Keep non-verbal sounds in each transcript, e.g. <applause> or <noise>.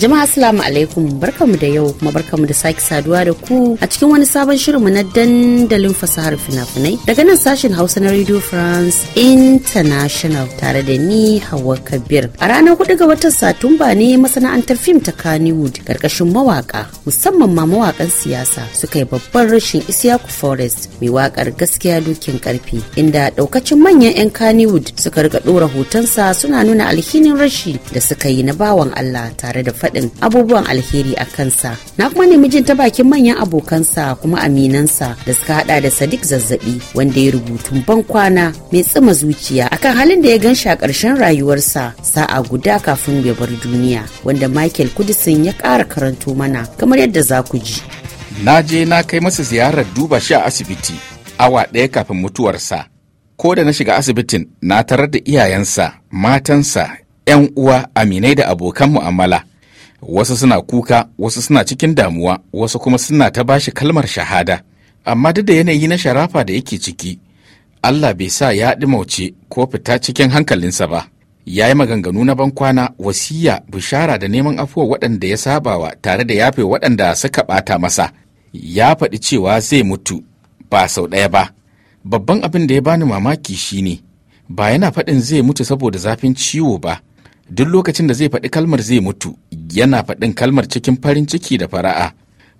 Jama'a Assalamu alaikum barkamu da yau kuma barkamu da sake saduwa da ku a cikin wani sabon shirin mu na dandalin fasahar fina-finai daga nan sashen Hausa na Radio France International tare da ni Hauwa Kabir. A ranar 4 ga watan Satumba ne masana'antar fim ta Kannywood karkashin mawaka musamman ma mawakan siyasa suka yi babban rashin Isiyaku Forest mai wakar gaskiya dokin karfi inda daukacin manyan 'yan Kannywood suka rika dora hotonsa suna nuna alhinin rashi da suka yi na bawan Allah tare da faɗin abubuwan alheri a kansa na kuma nemi jin ta bakin manyan abokansa kuma aminansa da suka hada da sadiq zazzabi wanda ya rubutu ban kwana mai tsima zuciya akan halin da ya gan a ƙarshen rayuwarsa sa'a guda kafin ya bar duniya wanda michael kudisin ya ƙara karanto mana kamar yadda za ku ji na je na kai masa ziyarar duba shi a asibiti awa ɗaya kafin mutuwarsa ko da na shiga asibitin na tarar da iyayensa matansa 'yan uwa aminai da abokan mu'amala wasu suna kuka wasu suna cikin damuwa wasu kuma suna ta bashi kalmar shahada amma duk da yanayi na sharafa da yake ciki allah bai sa ya mauce ko fita cikin hankalinsa ba ya yi maganganu na bankwana wasiya bishara da neman afuwa waɗanda ya sabawa tare da yafe waɗanda suka ɓata masa ya faɗi cewa zai mutu ba sau ɗaya ba babban abin da ya bani mamaki shine ba yana faɗin zai mutu saboda zafin ciwo ba duk lokacin da zai faɗi kalmar zai mutu yana faɗin kalmar cikin farin ciki da fara'a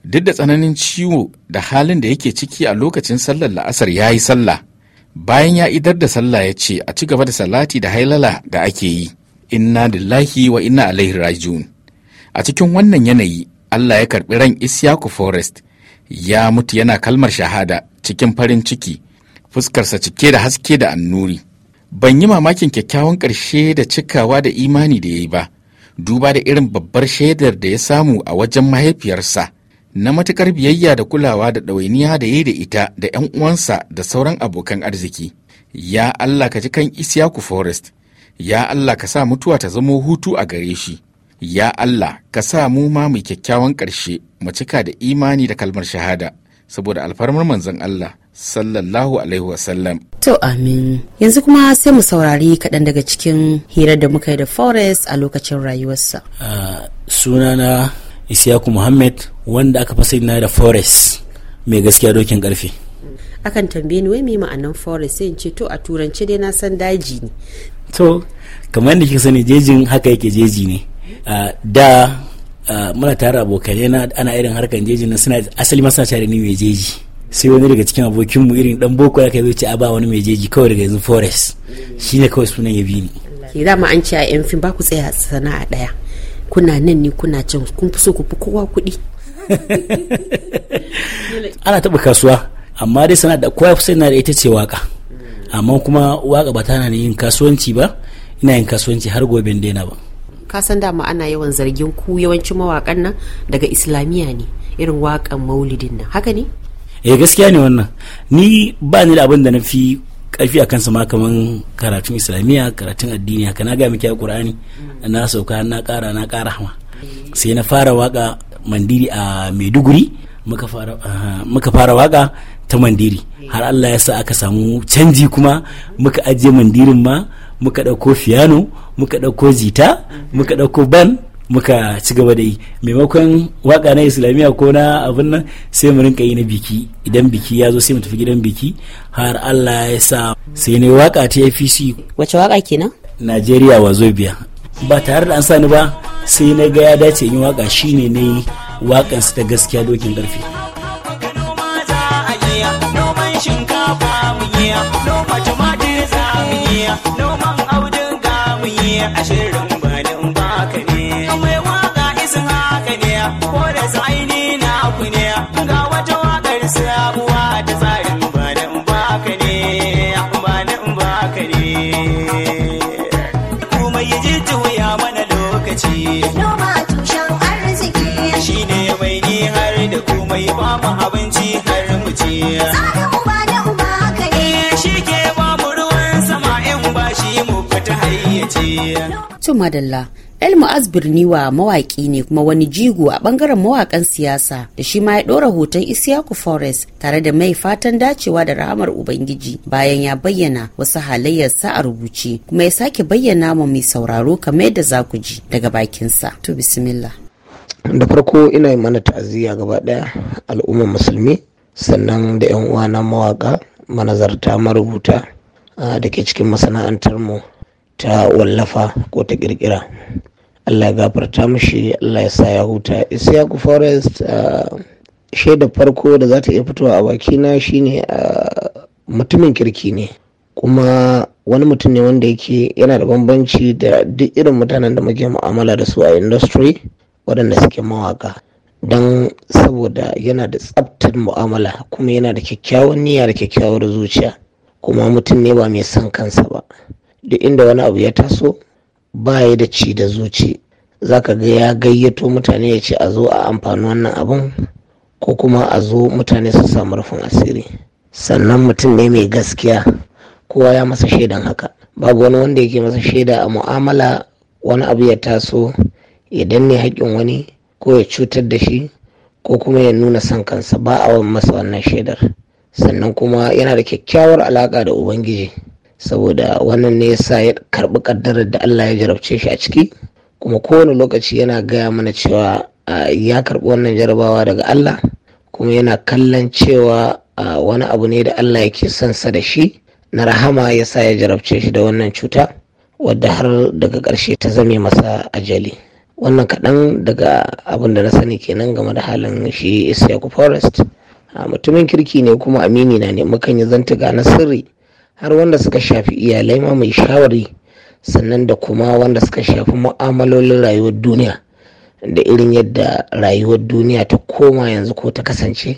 duk da tsananin ciwo da halin da yake ciki a lokacin sallar la'asar ya yi sallah bayan ya idar da sallah ya ce a ci gaba da salati da hailala da ake yi inna lillahi wa inna alaihi rajiun a cikin wannan yanayi allah ya karɓi ran isyaku forest ya mutu yana kalmar shahada cikin farin ciki fuskarsa cike da haske da annuri ban yi mamakin kyakkyawan ƙarshe da cikawa da imani da ya yi ba duba da irin babbar shaidar da ya samu a wajen mahaifiyarsa na matuƙar biyayya da kulawa da ɗawainiya da ya da ita da 'yan uwansa da sauran abokan arziki ya allah ka ji kan isyaku forest ya allah ka sa mutuwa ta zamo hutu a gare shi ya allah ka sa mu ma mai kyakkyawan ƙarshe mu cika da imani da kalmar shahada saboda alfarmar manzon allah sallallahu alaihi wasallam. To amin. Yanzu kuma sai mu saurari kaɗan daga cikin hirar da muka yi da Forest a lokacin rayuwarsa. Uh, sunana Isiyaku Muhammad wanda aka fi na da Forest mai gaskiya dokin karfe. Akan tambaye ni wai mai ma'anan Forest sai in ce to a turance dai na san daji ne. To kamar yadda kika sani jejin haka yake jeji ne. Uh, da uh, muna tare abokai ana irin harkan jeji na suna asali masana tare ni mai jeji. sai wani daga cikin abokinmu irin dan boko ya kai zai ce a ba wani mai jeji kawai daga yanzu forest shine kawai sunan ya bi ni ke dama an ce a yan fim ba ku tsaya sana'a daya kuna nan ne kuna can kun fi so ku fi kowa kuɗi <laughs> ana taɓa kasuwa amma dai sana'a da kowa sai na da ita ce waka amma kuma waka ba tana yin kasuwanci ba ina yin kasuwanci har gobe daina ba ka san dama ana yawan zargin ku yawancin mawakan nan daga islamiyya ne irin wakan maulidin nan haka ne eh gaskiya ne wannan ni ba ni da abin da na fi karfi a kansa ma kaman karatun islamiyya karatun addini haka na ga miki a qur'ani na sauka na kara na kara ma sai na fara waka mandiri a maiduguri muka fara ah, fara waka ta mandiri har allah ya sa aka samu canji kuma muka ajiye mandirin ma muka ɗauko fiyano muka ɗauko zita muka dauko ban muka ci gaba da yi maimakon waka na islamiyya ko na abin nan sai mu rinka yi na biki idan biki ya zo sai mu tafi gidan biki har Allah ya sa sai ne waka ta FC wace waka kenan Najeriya wazobiya ba tare da an sani ba sai na ga ya dace yin yi waka shine ne su ta gaskiya dokin karfi ashirin sabuwa ta tsarin ba na baka ne ba na baka ne kuma ya ji tuya mana lokaci noma tushen arziki shine mai ni har da kuma yi ba mu madalla El Mu'az Birniwa mawaƙi ne kuma wani jigo a ɓangaren mawakan siyasa da shi ma ya ɗora hoton Isiyaku Forest tare da mai fatan dacewa da rahamar Ubangiji bayan ya bayyana wasu halayyarsa a rubuce kuma ya sake bayyana ma mai sauraro kamar yadda za ku ji daga bakinsa. To bismillah. Da farko ina yi mana ta'aziyya gaba ɗaya al'ummar musulmi sannan da 'yan uwana mawaƙa manazarta marubuta ah, da ke cikin masana'antar mu ta wallafa ko ta kirkira allah ya gafarta mashi allah ya sa ya huta isiyaku forest shaida farko da za ta iya fitowa a bakina shine mutumin kirki ne kuma wani mutum ne wanda yake yana da bambanci da duk irin mutanen da muke mu'amala da su a industry waɗanda suke mawaka don saboda yana da tsabtar mu'amala kuma yana da kyakkyawan niyya da kyakkyawar zuciya kuma mutum ne ba mai son kansa ba duk inda wani abu ya taso ba ya da ci da zuci zaka ga ya gayyato mutane ya ce a zo a amfani wannan abun ko kuma a zo mutane su samu rufin asiri sannan mutum ne mai gaskiya kowa ya masa shaidan haka babu wani wanda yake masa shaida a mu'amala wani abu ya taso ya danne haƙƙin wani ko ya cutar da shi ko kuma ya nuna son kansa ba a masa wannan shaidar sannan kuma yana da kyakkyawar alaƙa da ubangiji saboda wannan ne yasa ya karɓi ƙaddarar da Allah ya jarabce shi a ciki kuma kowane lokaci yana gaya mana cewa ya karbi wannan jarabawa daga Allah kuma yana kallon cewa wani abu ne da Allah yake son sa da shi na rahama ya sa ya jarabce shi da wannan cuta wadda har daga ƙarshe ta zame masa ajali wannan kaɗan daga abin da na sani kenan game da halin shi ku, forest mutumin kirki ne kuma amini na ne mukan yi zantuga na sirri har wanda suka shafi iyalai ma mai shawari sannan da kuma wanda suka shafi mu'amalolin rayuwar duniya da irin yadda rayuwar duniya ta koma yanzu ko ta kasance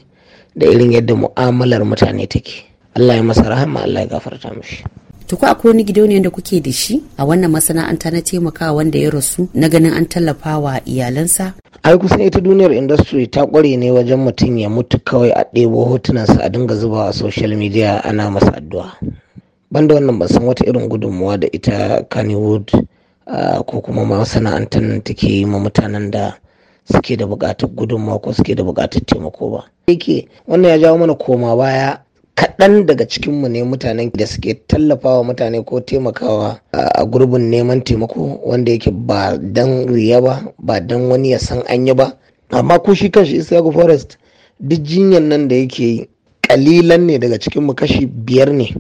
da irin yadda mu'amalar mutane take allah ya masa rahama allah ya gafarta mishi ko akwai wani gidauniyar da kuke da shi a wannan masana'anta na taimakawa wanda ya rasu na ganin an tallafa wa iyalansa ai kusan ita duniyar industry ta kware ne wajen mutum ya mutu kawai a ɗebo hotunansa a dinga zubawa social media ana masa addu'a banda wannan ba san wata irin gudunmuwa da ita kannywood ko kuma masana'antar nan take yi ma mutanen da suke da buƙatar gudunmuwa ko suke da buƙatar taimako ba yake wannan ya jawo mana koma baya kaɗan daga cikinmu ne mutanen da suke tallafawa mutane ko taimakawa a gurbin neman taimako wanda yake ba dan riya ba ba dan wani ya san an ba amma ko shi kanshi isaku forest duk jinyan nan da yake yi kalilan ne daga cikinmu kashi biyar ne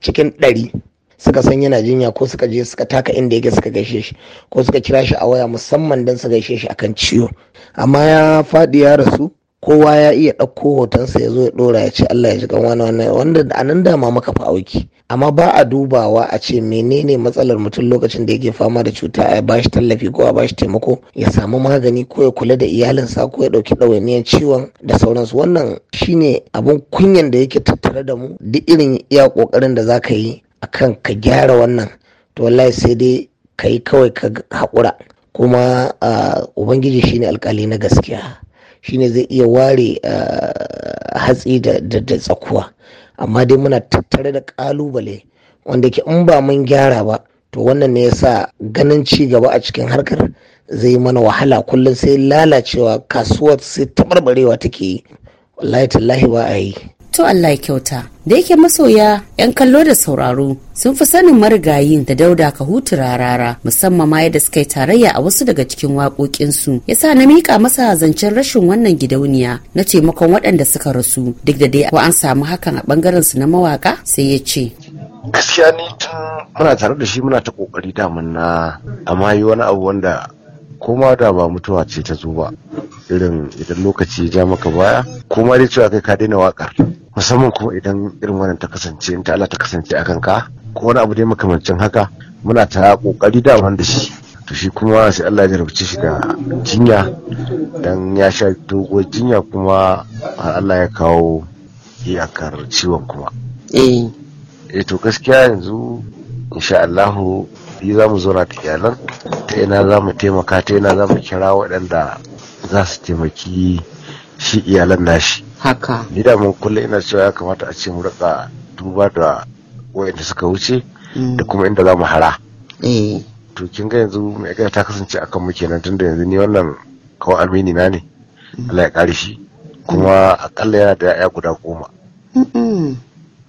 cikin ɗari suka san yana jinya ko suka je suka taka inda yake suka gaishe shi ko suka kira shi a waya musamman don su gaishe shi akan ciwo amma ya faɗi ya rasu kowa ya iya ɗauko hotonsa ya zo ya ɗora ya ce Allah ya ji kan wani wannan wanda a nan dama maka fa auki amma ba a dubawa a ce menene matsalar mutum lokacin da yake fama da cuta a ba shi tallafi ko a ba shi taimako ya samu magani ko ya kula da iyalinsa ko ya ɗauki ɗawainiyar ciwon da sauransu wannan shine abun kunyan da yake tattare da mu duk irin iya ƙoƙarin da za ka yi akan ka gyara wannan to wallahi sai dai ka yi kawai ka haƙura kuma ah, ubangiji shine alƙali na gaskiya shine zai iya ware eh, hatsi da tsakuwa amma dai muna tattare da kalubale wanda ke in ba mun gyara ba to wannan ne yasa ganin ci gaba a cikin harkar zai mana wahala kullum sai lalacewa kasuwar sai tabarbarewa take yi wallahi tallahi ba a yi to Allah ya kyauta da yake masoya 'yan kallo da sauraro sun fi sanin marigayin da dauda ka hutu rarara musamman ma yadda suka yi tarayya a wasu daga cikin waƙoƙinsu ya sa na miƙa masa zancen rashin wannan gidauniya na taimakon waɗanda suka rasu duk da dai ko an samu hakan a ɓangaren su na mawaƙa sai ya ce gaskiya ni tun muna tare da shi muna ta kokari daman na amma yi wani abu wanda kuma da ba mutuwa ce ta zo ba irin idan lokaci ya ja maka baya kuma dai cewa kai ka daina wakar musamman kuma idan irin wannan ta kasance in ta Allah ta kasance a kanka ko wani abu dai makamancin haka muna ta kokari da wanda shi to shi kuma sai Allah ya jarabce shi da jinya dan ya sha doguwar jinya kuma har Allah ya kawo iyakar ciwon kuma eh, eh to gaskiya yanzu insha Allah yi za mu zauna da iyalan ta ina za mu taimaka ta ina za mu kira waɗanda za su taimaki shi iyalan nashi haka ni da mun kullum ina cewa ya kamata a ce mu rika duba da wayanda suka wuce da mm. kuma inda za mu hara eh. to kin ga yanzu mai gaya ta kasance akan mu kenan tunda yanzu ni wannan kawai amini na ne mm. Allah ya kare shi kuma akalla yana da yaya guda goma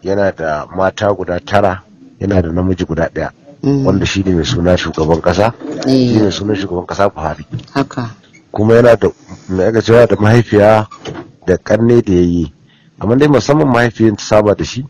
yana da mata guda tara yana da namiji guda ɗaya Mm. wanda shi ne mai suna shugaban kasa eh. shi ne sunan shugaban kasa buhari kuma yana da mai cewa da mahaifiya da karne da ya yi amma dai musamman mahaifiyar ta saba da shi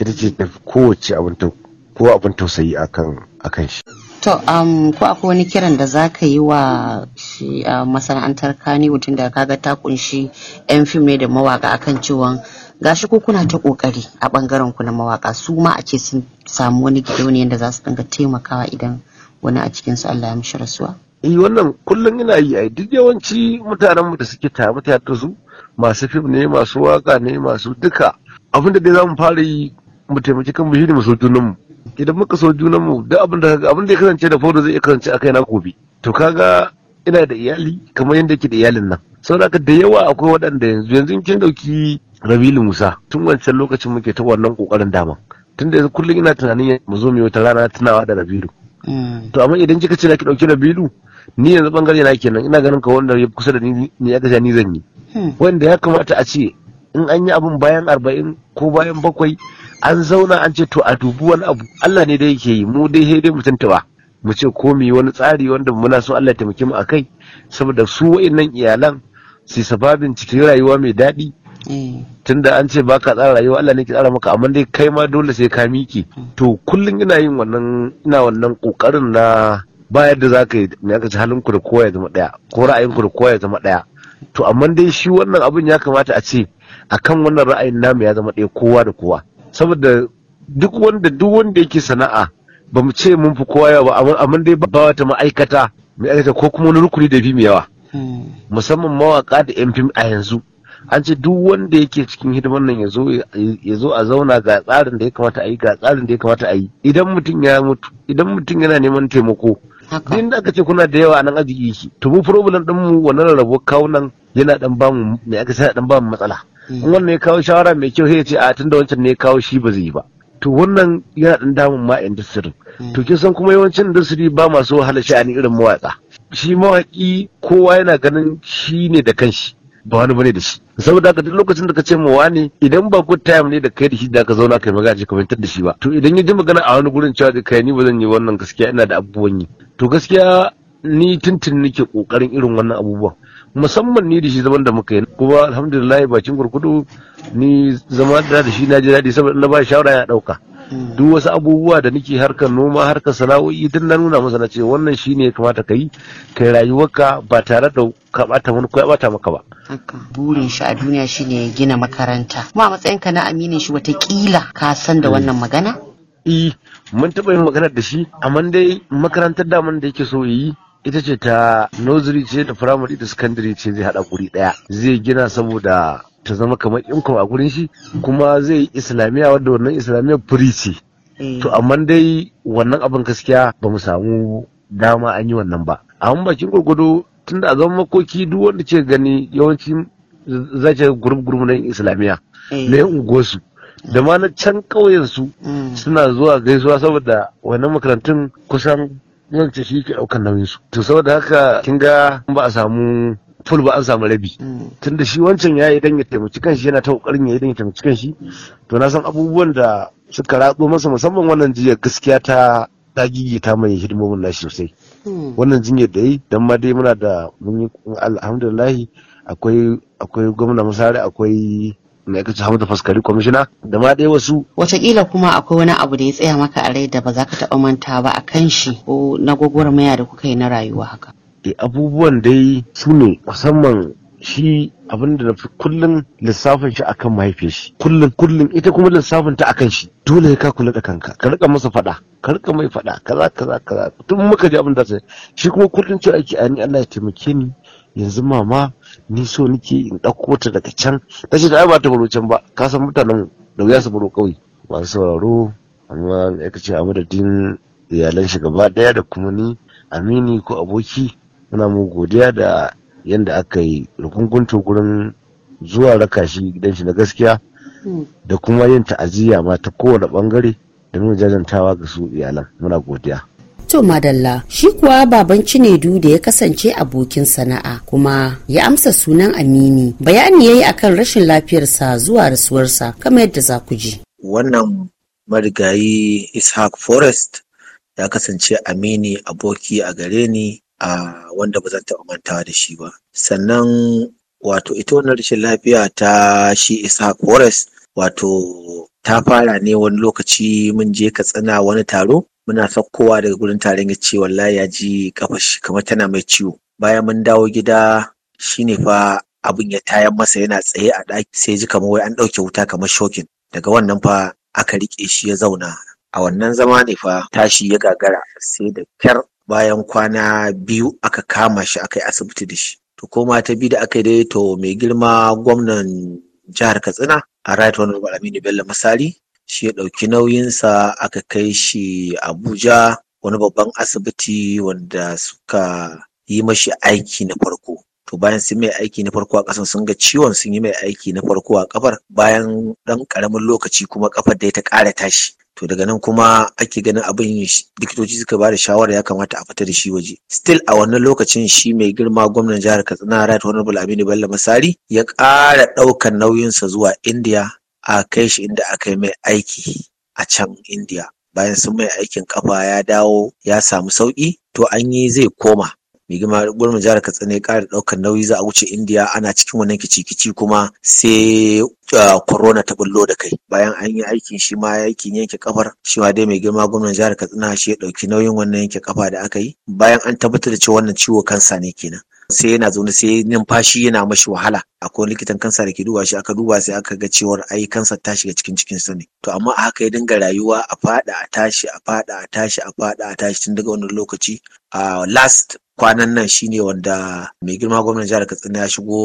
ita ce da kowace abin tausayi akan shi To, um, ko akwai wani kiran da za ka yi wa shi uh, masana'antar kani mutum da kaga ta kunshi 'yan fim ne da mawaka akan ciwon? gashi ko kuna ta kokari a bangaren ku na mawaka su ma a ce sun samu wani gidauniyar da za su dinga taimakawa idan wani a cikin su Allah ya mishi rasuwa eh wannan kullum ina yi ai duk yawanci mutanen mu da suke tare da su masu fim ne masu waka ne masu duka abin da dai zamu fara yi mu taimaki kan mu shine mu so junan mu idan muka so junan mu duk abin da abin da ya kasance da fodo zai iya kasance akai na gobe to kaga ina da iyali kamar yadda yake da iyalin nan saboda da yawa akwai waɗanda yanzu yanzu kin dauki rabilu musa tun wancan lokacin muke ta wannan kokarin dama tun da kullum ina tunanin mu zo mu wata rana tunawa da rabilu mm. to amma idan kika ce ki dauki rabilu ni yanzu bangare na kenan ina ganin ka wanda ya kusa da ni ne ya gaja ni zan yi hmm. wanda ya kamata a ce in an yi abun bayan arba'in ko bayan bakwai an zauna an ce to a dubu wani abu Allah ne da yake yi mu dai sai dai mutuntawa mu ce ko mu wani tsari wanda muna so Allah ya taimake mu akai saboda su wa'annan iyalan su sababin cikin rayuwa mai daɗi eh. tunda an ce baka tsara rayuwa Allah ne ke tsara maka amma dai kai ma dole sai ka miki to kullum ina yin wannan ina wannan kokarin na ba yadda za ka yi me aka ci halin ku da kowa ya zama daya ko ra'ayin ku da kowa ya zama daya to amma dai shi wannan abin ya kamata a ce akan wannan ra'ayin namu ya zama daya kowa da kowa saboda duk wanda duk wanda yake sana'a ba mu ce mun fi kowa yawa ba amma dai ba wata ma'aikata ma'aikata ko kuma wani rukuni da bi mai yawa hmm. musamman mawaka da yan fim a yanzu an ce duk wanda yake cikin hidimar nan ya zo a zauna ga tsarin da ya kamata a yi ga tsarin da ya kamata a yi idan mutum ya mutu idan mutum yana neman taimako din da aka ce kuna da yawa nan arziki shi to mu problem din mu wannan rabo nan yana dan bamu me aka sai dan bamu matsala eh. wannan ya kawo shawara mai kyau sai ya ce a tunda wancan ne ya kawo shi ba zai yi ba to wannan yana dan damun ma industry eh. to kin san kuma yawancin industry ba masu wahala sha'ani irin mawaka shi mawaki kowa yana ganin shi ne da kanshi ba wani bane da shi saboda haka duk lokacin da ka ce mawa ne. idan ba good time ne da kai da shi da ka zauna kai magana ce ka fahimtar da shi ba to idan ya ji magana a wani gurin cewa kai ni ba zan yi wannan gaskiya ina da abubuwan yi to gaskiya ni tuntun nake kokarin irin wannan abubuwan musamman ni da shi zaman da muka yi kuma alhamdulillah bakin gurkudu ni zama da shi na ji daɗi saboda na ba shawara ya ɗauka duk wasu abubuwa da nake harkar noma harkar sana'o'i duk na nuna masa na ce wannan shi ne ya kamata ka yi kai rayuwarka ba tare da ka wani ko bata maka ba burin shi a duniya shine ya gina makaranta kuma a matsayin ka na aminin shi watakila ka san da wannan magana eh, eh mun taɓa yin magana da shi amma dai makarantar daman da yake so yi ita ce ta nursery ce da primary da secondary ce zai haɗa guri ɗaya. zai gina saboda ta zama kamar inkom a gurin shi kuma zai yi islamiyya wadda wannan islamiyya firisi eh. to amma dai wannan abin gaskiya ba mu samu dama an yi wannan ba amma bakin gwargwado tun da a zama makoki duk wanda ce gani yawanci zace gurup gurup na islamiyya eh. na yan unguwarsu da ma na can ƙauyen mm. suna zuwa gaisuwa saboda wannan makarantun kusan yanci shi ke ɗaukar nauyin su to saboda haka kin ga ba a samu Fulba ba an samu rabi mm. tunda shi wancan ya yi dan ya taimaki kanshi yana ta kokarin ya yi dan ya taimaki kanshi to na san abubuwan da suka ratso masa musamman wannan jiya gaskiya ta ta mai hidimomin nashi sosai mm. wannan jinyar da yi dan ma dai muna da mun yi alhamdulillah akwai akwai gwamna musare akwai na ya kace hamdu faskari kwamishina da ma dai wasu watakila kuma akwai wani abu da ya tsaya maka a rai da ba za ka taɓa manta ba a kan shi ko na gwagwarmaya da kuka yi na rayuwa haka abubuwan dai su ne musamman shi abin da nafi kullum lissafin shi akan mahaifin shi kullum kullum ita kuma lissafin ta akan shi dole ka kula da kanka ka rika masa fada ka rika mai fada kaza kaza kaza tun muka ji abin da sai shi kuma kullum ce ake ani Allah ya taimake ni yanzu mama ni so nake in dauko ta daga can tace da ai ba ta baro can ba ka san mutanen da wuya su baro kauye masu sauraro amma ya kace a madadin iyalan shi gaba daya da kuma ni amini ko aboki muna mu godiya da yadda aka yi rukunkuntu gurin zuwa raka shi gidan shi na gaskiya da kuma yin ta'aziyya ma ta kowane bangare da nuna jajantawa ga su iyalan muna godiya to madalla shi kuwa baban cinedu da ya kasance abokin sana'a kuma ya amsa sunan amini bayani ya yayi akan rashin lafiyarsa zuwa rasuwarsa kama yadda za ku ji wannan marigayi ishaq forest ya kasance amini aboki a gare ni a wanda ba zan taɓa mantawa da shi ba sannan wato ita wannan rashin lafiya ta shi isa forest wato ta fara ne wani lokaci mun je katsina wani taro muna saukowa daga gurin taron ya ce wallahi ya ji kafashi kamar tana mai ciwo bayan mun dawo gida shine fa abin ya tayar masa yana tsaye a ɗaki sai ji kamar wai an ɗauke wuta kamar shokin daga wannan fa aka riƙe shi ya zauna a wannan zama ne fa tashi ya gagara sai da kyar bayan kwana biyu aka kama shi aka yi asibiti da shi to koma ta bi da aka dai to mai girma gwamnan jihar katsina a right honorable aminu bello misali shi ya ɗauki nauyinsa aka kai shi abuja wani babban asibiti wanda suka yi mashi aiki na farko to bayan sun mai aiki na farko a ƙasan sun ga ciwon sun yi mai aiki na farko a kafar bayan ɗan ƙaramin lokaci kuma kafar da ta ƙara tashi to daga nan kuma ake ganin abin likitoci suka ba da shawara ya kamata a fita da shi waje still a wannan lokacin shi mai girma gwamnan jihar katsina right honorable aminu bello masari ya ƙara ɗaukan nauyinsa zuwa india a kai shi inda aka yi mai aiki a can india bayan sun mai aikin kafa ya dawo ya samu sauƙi to an yi zai koma mai girma gwamnan jihar katsina ya ƙara ɗaukar nauyi za a wuce indiya ana cikin wannan kici-kici kuma sai corona ta bullo da kai bayan an yi aikin shi ma aikin yanke kafar shi ma dai mai girma gwamnan jihar katsina shi ya ɗauki nauyin wannan yanke kafa da aka yi bayan an tabbatar da cewa wannan ciwo kansa ne kenan sai yana zaune sai numfashi yana mashi wahala akwai likitan kansa da ke duba shi aka duba sai aka ga cewar ai kansa ta shiga cikin cikin sa ne to amma haka ya dinga rayuwa a fada a tashi a fada a tashi a fada a tashi tun daga wannan lokaci a last kwanan nan shi ne wanda mai girma gwamnan jihar katsina ya shigo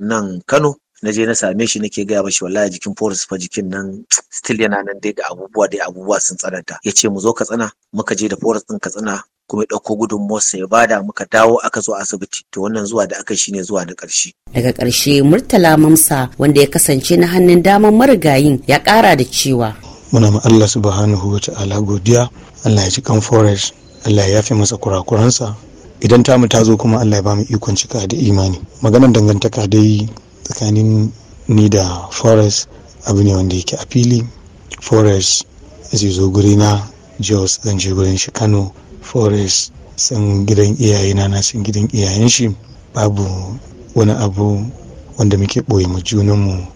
nan kano na je na same shi nake gaya mashi wallahi jikin forest fa jikin nan still yana nan dai da abubuwa dai abubuwa sun tsananta ya ce mu zo katsina muka je da forest din katsina kuma ya ɗauko sa, ya bada muka dawo aka zo asibiti to wannan zuwa da aka shine zuwa na ƙarshe. Daga ƙarshe Murtala Mamsa wanda ya kasance na hannun daman marigayin ya ƙara da cewa. Muna ma Allah subhanahu wa ta'ala godiya Allah ya ci kan forest Allah ya yafe masa kurakuransa idan tamu ta zo kuma allah ya ba mu ikon cika da imani maganar dangantaka dai tsakanin ni da forest abu ne wanda yake a fili forest zai zo guri na jos zan je gurin shi kano forest san gidan iyayena na san gidan iyayen shi babu wani abu wanda muke ɓoye mu junanmu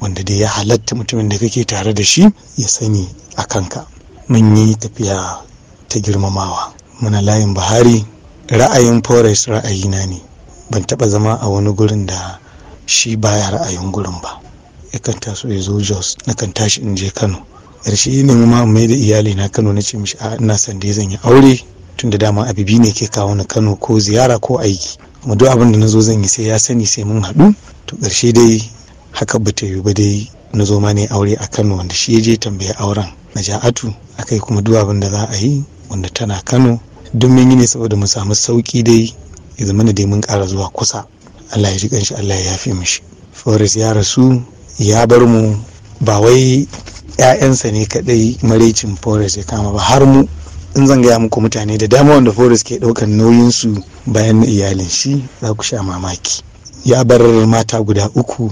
wanda dai ya halatta mutumin da kake tare da shi ya sani a kanka mun yi tafiya ta girmamawa muna layin bahari ra'ayin forest ra'ayina ne ban taba zama a wani gurin da shi baya ra'ayin gurin ba yakan taso ya zo jos na kan tashi in je kano karshe ya ne ma mai da iyali na kano na ce mishi a ina sanda da zan yi aure tun da dama abibi ne ke kawo na kano ko ziyara ko aiki kuma duk abin da na zo zan yi sai ya sani sai mun haɗu to ƙarshe dai haka ba ta yi ba dai na zo ma ne aure a kano wanda shi ya je tambaya auren na ja'atu akai kuma duk abin da za a yi wanda tana kano duk mun yi ne saboda mu samu sauki dai ya zama da dai mun ƙara zuwa kusa Allah ya ji kanshi Allah ya yafe mishi Forest ya rasu ya bar mu ba wai 'ya'yansa ne kadai maraicin Forest ya kama ba har mu in zan gaya muku mutane da dama wanda Forest ke nauyin su bayan na iyalin shi za ku sha mamaki ya bar mata guda uku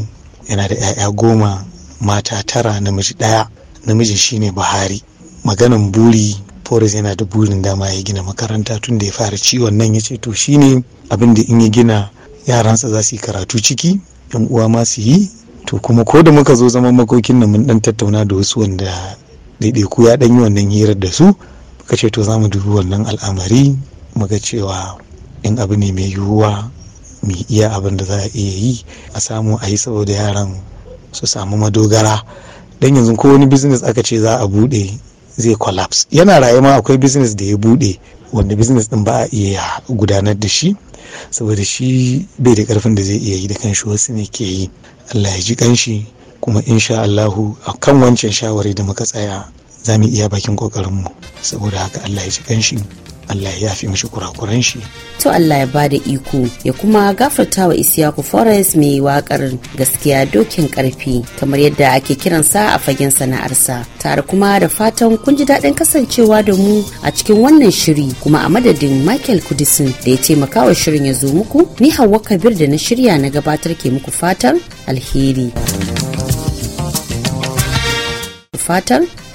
yana da 'ya'ya goma mata tara namiji ɗaya namiji shine buhari maganan buri forest yana da burin dama ya gina makaranta tun da ya fara ciwon nan ya ce to shine abin da in ya gina yaransa za su yi karatu ciki yan uwa ma su yi to kuma ko da muka zo zaman makokin nan mun dan tattauna da wasu wanda ɗaiɗaiku ya ɗan yi wannan hirar da su muka ce to za mu dubi wannan al'amari muga cewa in abu ne mai yiwuwa mu iya abin da za a iya yi a samu a yi saboda yaran su samu madogara Dan yanzu ko wani business aka ce za a buɗe zai collapse yana raye ma akwai business da ya bude wanda business din ba a iya gudanar da shi saboda shi bai da karfin da zai iya yi da kanshi wasu ne ke yi allah ya ji kanshi kuma insha allahu a kan wancan shawari da muka tsaya za mu iya bakin kokarinmu saboda haka allah ya ji kanshi Allah ya fi mishi kurakuran shi to Allah ya bada iko ya kuma gafarta wa Isiyaku Forest mai wakar gaskiya dokin karfi kamar yadda ake kiransa a fagen sana'arsa tare kuma da fatan kun ji daɗin kasancewa da mu a cikin wannan shiri kuma a madadin Michael Kudisin da ya taimaka wa shirin ya zo muku ni Hauwa Kabir da na shirya na gabatar ke muku fatan alheri fatar